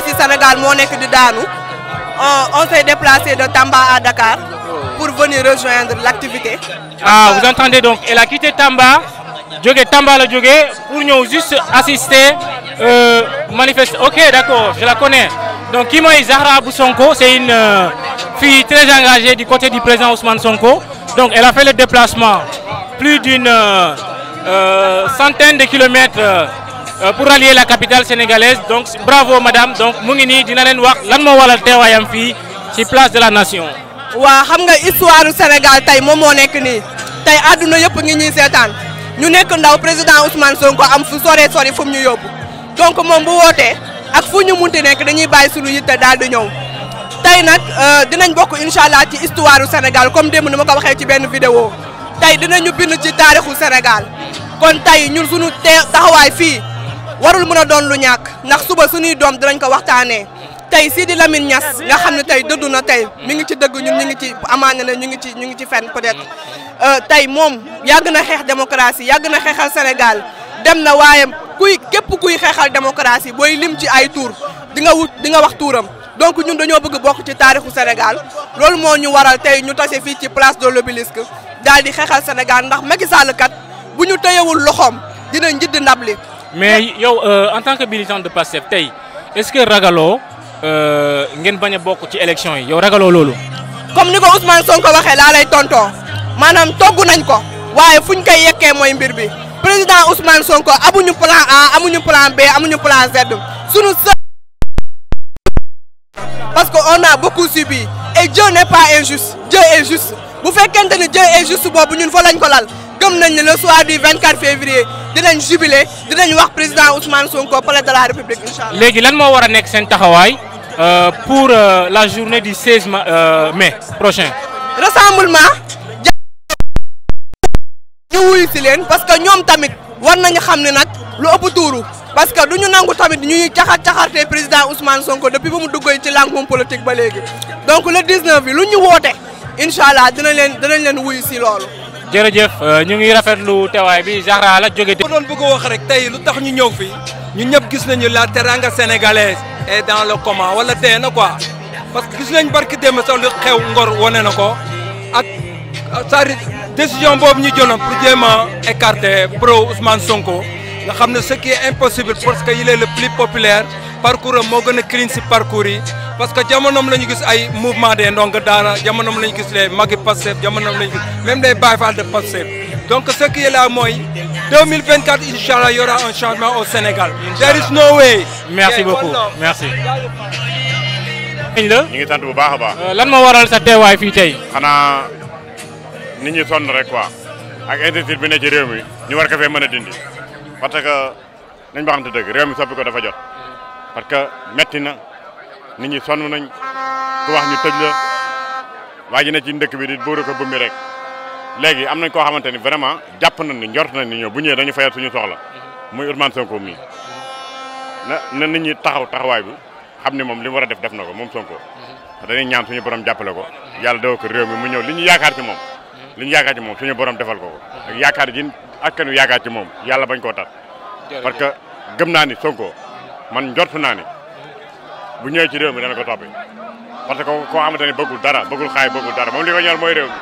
place yi Sénégal moo nekk di daanu on s'est de Tamba à Dakar pour venir rejoindre l'activité. ah vous entendez donc elle a quitté Tamba jóge Tamba la jóge pour ñëw juste assister euh, manifester ok d'accord je la connais donc kii mooy Zahra Sonko c'est une euh, fille très engagée du côté du président Ousmane Sonko donc elle a fait le déplacement plus d'une euh, euh, centaine de kilomètres. Euh, Euh, pour rallier la capitale sénégalaise donc bravo madame donc mu ngi nii dina leen wax lan moo waral teewaayam fii ci place de la nation. waa xam nga histoire Sénégal tey moom moo nekk nii tey àdduna yëpp ngi ñuy seetaan ñu nekk ndaw président Ousmane Sonko am fu sore sori fu mu ñu yóbbu donc moom bu wootee ak fu ñu munti nekk dañuy bàyyi suñu yitte daal di ñëw. tey nag euh, dinañ bokk incha allah ci histoire du Sénégal comme démb ni ma ko waxee ci benn vidéo tey dinañu bind ci taarixu Sénégal kon tey fii. warul mën a doon lu ñàkk ndax suba suñuy doom dinañ ko waxtaanee tey sii Sidi Lamine Niass nga xam ne tey dëddu na tey mi ngi ci dëgg ñun ñu ngi ci amaana ne ñu ngi ci ñu ngi ci fenn peut-être euh, tey moom yàgg na xeex démocratie yàgg na xeexal Sénégal dem na waaye kuy képp kuy xeexal démocratie booy lim ci ay tuur dinga wut di nga wax tuuram donc ñun dañoo bëgg bokk ci taarixu Sénégal loolu moo ñu waral tey ñu tase fii ci place de l'Obélisque daal di xeexal Sénégal ndax Macky Sall kat bu ñu tëyewul loxoom dina njidd ndab li mais yow euh, en tant que militant de Pastef tey est-ce ragaloo euh, ngeen bañ a bokk ci élection yi yow ragaloo loolu. comme ni ko Ousmane Sonko waxee laa lay tontoo maanaam togg nañ ko waaye fuñ koy yekkee mooy mbir bi président Ousmane Sonko amuñu plan A amuñu plan B amuñu plan Z sunu parce que on a beaucoup subi et Dieu n'est pas injuste Dieu est bu fekkente ni Dieu est juste boobu ñun fa lañ ko lal gëm nañ ne le soir du 24 février. dinañ jubilé dinañ wax président Ousmane Sonko palais de la République incha allah. léegi lan moo war a nekk seen taxawaay euh, pour euh, la journée du 16 euh, mai prochain. rassemblement. ñu wuyu si leen parce que ñoom tamit war nañu xam ne nag lu ëpp tuuru parce que du ñu nangu tamit ñuy caxar caxarte président Ousmane Sonko depuis ba mu duggee ci làngum politique ba léegi donc le 19 bi lu ñu woote incha allah dinañ leen dinañ leen wuyu si loolu. jërëjëf euh, ñu ngi rafetlu teewaay bi Zahra la jóge. ma doon bëgg a wax rek tey lu tax ñu ñëw fii ñun ñëpp gis nañu la teranga sénégalaise et dans le coma wala tee na quoi parce que gis nañ barki démb sax lu xew ngor wane na ko ak c'est-à-dire décision boobu ñu jëloon pour jéem a écarter pro Ousmane Sonko nga xam ne ce qui est impossible parce que il le plus populaire parcours am moo gën a clean si parcours yi. parce que jamonoom la ñu gis ay mouvement des ndongo daara jamonoom la ñu gis les magi Pastef jamonoom la ñu gis même les Baye Fall de Pastef donc ce qui est là mooy 2024 incha allah y aura un changement au Sénégal. incha allah there is no way. merci beaucoup ñu ngi sant bu baax a baax. Euh, lan moo waral sa teewaay fii tey. xanaa ni ñi sonn rek quoi ak industrie bi ne ci réew mi ñi war ko fee mën a dindi parce que nañ waxante dëgg réew mi soppi ko dafa jot parce que metti na. nit ñi sonn nañ ku wax ñi tëj la waa ji ne ci ndëkk bi di buur ko bummi rek léegi am nañ koo xamante ni vraiment jàpp nañ ni njort nañ ni bu ñëwee dañu fayal suñu soxla muy Ousmane Sonko mii na na nit ñi taxaw taxawaay bi xam ni moom li war a def def na ko moom Sonko dañuy ñaan suñu borom jàppale ko yàlla dawa ko réew mu ñëw li ñu yaakaar ci moom liñ yakaar yaakaar ci moom suñu borom defal ko ko ak yaakaar ji askanu yaakaar ci moom yàlla bañ koo tat parce que gëm naa ni Sonko man njort naa ni bu ñëwee ci réew mi dana ko toppi parce que koo xamante ne bëggul dara bëggul xaay bëggul dara moom li ko ñor mooy réew mi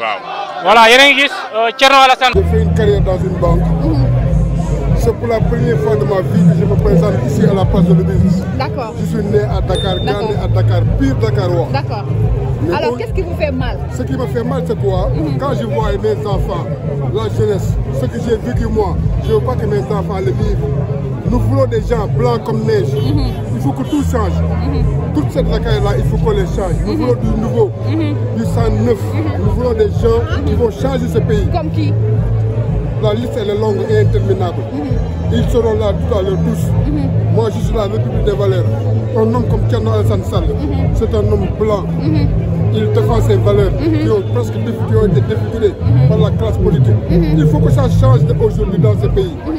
waaw. voilà yéen a ngi gis euh, Thierno Alassane. j'ai fait une dans une banque. Mhm. c'est pour la première fois de ma vie que je la place de l'Obélisque. D'accord. Je suis né à Dakar, grandi à Dakar, pire Dakarois. D'accord. Alors bon, qu'est-ce mal Ce qui me fait mal, c'est quoi mm-hmm. Quand je vois mes enfants, la jeunesse, ce que j'ai vécu moi, je le vivent. Nous voulons des gens blancs comme neige. Mm -hmm. Il faut que tout change. Mm -hmm. Toute cette racaille-là, il faut qu'on les change. Nous mhm. voulons du nouveau, mhm. neuf. Mhm. Nous voulons des gens qui vont changer ce pays. Comme qui La liste, elle est longue et interminable. Ils seront là tout à l'heure tous. Moi, je la République des valeurs. Un homme comme Tcherno Alassane Sall, c'est un homme blanc il défend ses valeurs mm qui ont été défigurées par la classe politique. Il faut que ça change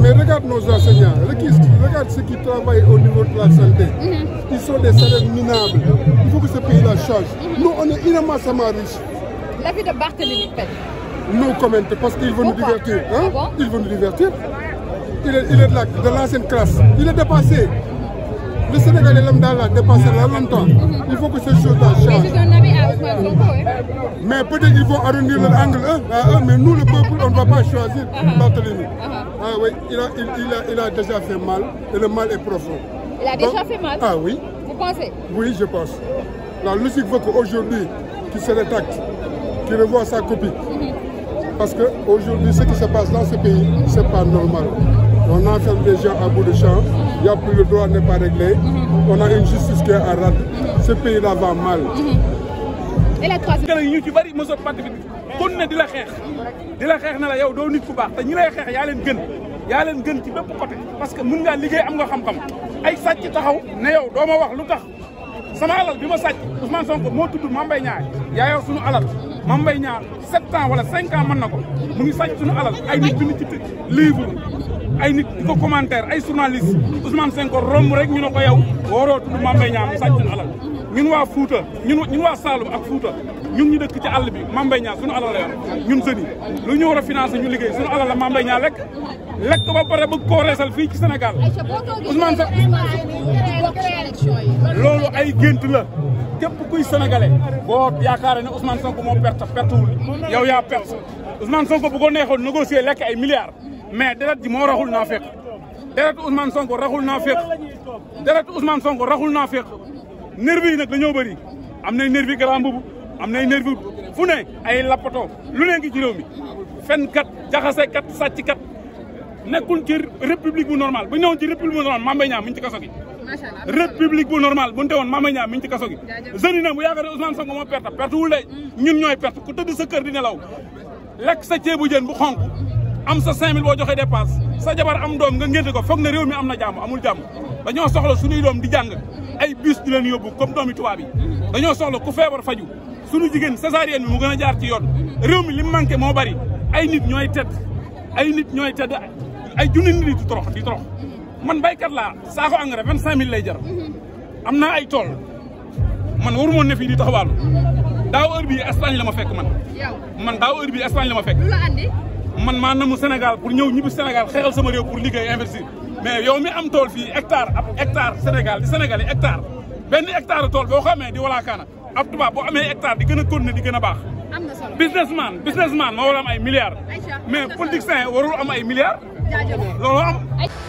Mais regarde nos enseignants, regarde ceux qui travaillent au niveau de la santé. Mhm. Ils sont des salaires minables. Il faut que ce pays la change. Mhm. Nous, on est immensément riches. La vie de Barthélémy Pelle. Nous commente parce divertir. Hein? Ah il veut nous divertir. Il est, il sénégalais lambda là dépassé là longtemps. il faut que ces choses-là changent. mais peut-être ils vont arrondir leur angle à eux, ah, ah, mais nous le peuple on ne va pas choisir ah, Barthélémy. il a il, il a a déjà fait mal et le mal est profond. ah oui. vous pensez. la logique veut qu'aujourd'hui qu'il se rétracte qu'il revoie sa copie. Mm-hmm. parce que aujourd'hui ce qui se passe dans c'est pas normal on enferme des gens à bout il n'y a plus le droit n'est pas réglé. Mhm. on a une justice qui i à rate. Mhm. ce pays là va mal. Mhm. et la troisième. ne di xeex di la xeex na la yow doo nit ku baax te ñi lay xeex yaa leen gën yaa leen gën ci bëpp côté parce que mun ngaa liggéey am nga xam-xam ay sàcc taxaw ne yow doo ma wax lu tax sama alal bi ma sàcc Ousmane Sonko moo tudd Mame Mbaye Niang yaa yow suñu alal Mame Mbaye Niang sept ans wala cinq ans mën na ko mu ngi sàcc suñu alal ay nit bi ñu ay nit di ko ay journaliste Ousmane Sonko romb rek ñu ne ko yow waroo tudd Mame Mbaye alal ñun waa Fouta ñun ñun waa Saloum ak Fouta ñun ñu dëkk ci àll bi Mame Mbaye Niang suñu alal la yor ñun sëni lu ñu war a financé ñu liggéey suñu alal la Mame Mbaye Niang lekk lekk ba pare bëgg koo reesal fii ci Sénégal Ousmane Sonko loolu ay gént la képp kuy sénégalais boo yaakaare ne Ousmane Sonko moo perte pertewul yow yaa perte Ousmane Sonko bu ko neexoon négocier lekk ay milliards mais deret ji moo raxul naa fekk deretu Ousmane Sonko raxul naa fekk deretu Ousmane Sonko raxul naa fekk nervi na nag dañoo bëri am nay nervi grand mbubu am na nervi fu ne ay lappato lu ne ngi ci réew mi fenkat jaxasekat sàcckat nekkul ci république bu normal bu ñu newoon ci république bu normal Mame Mbaye Niang mi ngi ci kaso gi république bu normal bu ñu teewoon Mame Mbaye Niang mi ngi ci kaso gi jeunes yi nag bu yaakaaree Ousmane Sonko moo perte perte wul de mm. ñun ñooy perte ku tëdd sa kër di nelaw lekk sa ceebu jën bu xonk am sa 5000 boo joxee dépense sa jabar am doom nga ngénte ko foog na réew mi am na jàmm amul jàmm dañoo soxla suñuy doom di jàng ay bus di leen yóbbu comme doomi tubaab yi dañoo soxla ku feebar faju suñu jigéen césarienne bi mu gën a jaar ci yoon réew mi li mu manqué moo bari ay nit ñoo tedd ay nit ñooy tedd ay junni nit di torox di torox man baykat laa saako engrais vingt cinq mille lay jar am na ay tool man waru moon ne fii di taxawaalu daaw heure bi Espagne la ma fekk man man daaw heure bi Espagne la ma fekk man maa namu Sénégal pour ñëw ñibbi Sénégal xeexal sama réew pour liggéey investir mais yow mi am tool fii hectare ab hectare Sénégal di Sénégal yi hectare benn hectare tool boo xamee di walaakaana ab tubaab boo amee hectare di gën a continuer di gën a baax businessman businessman moo war am ay milliards mais politicien warul am ay milliards loolu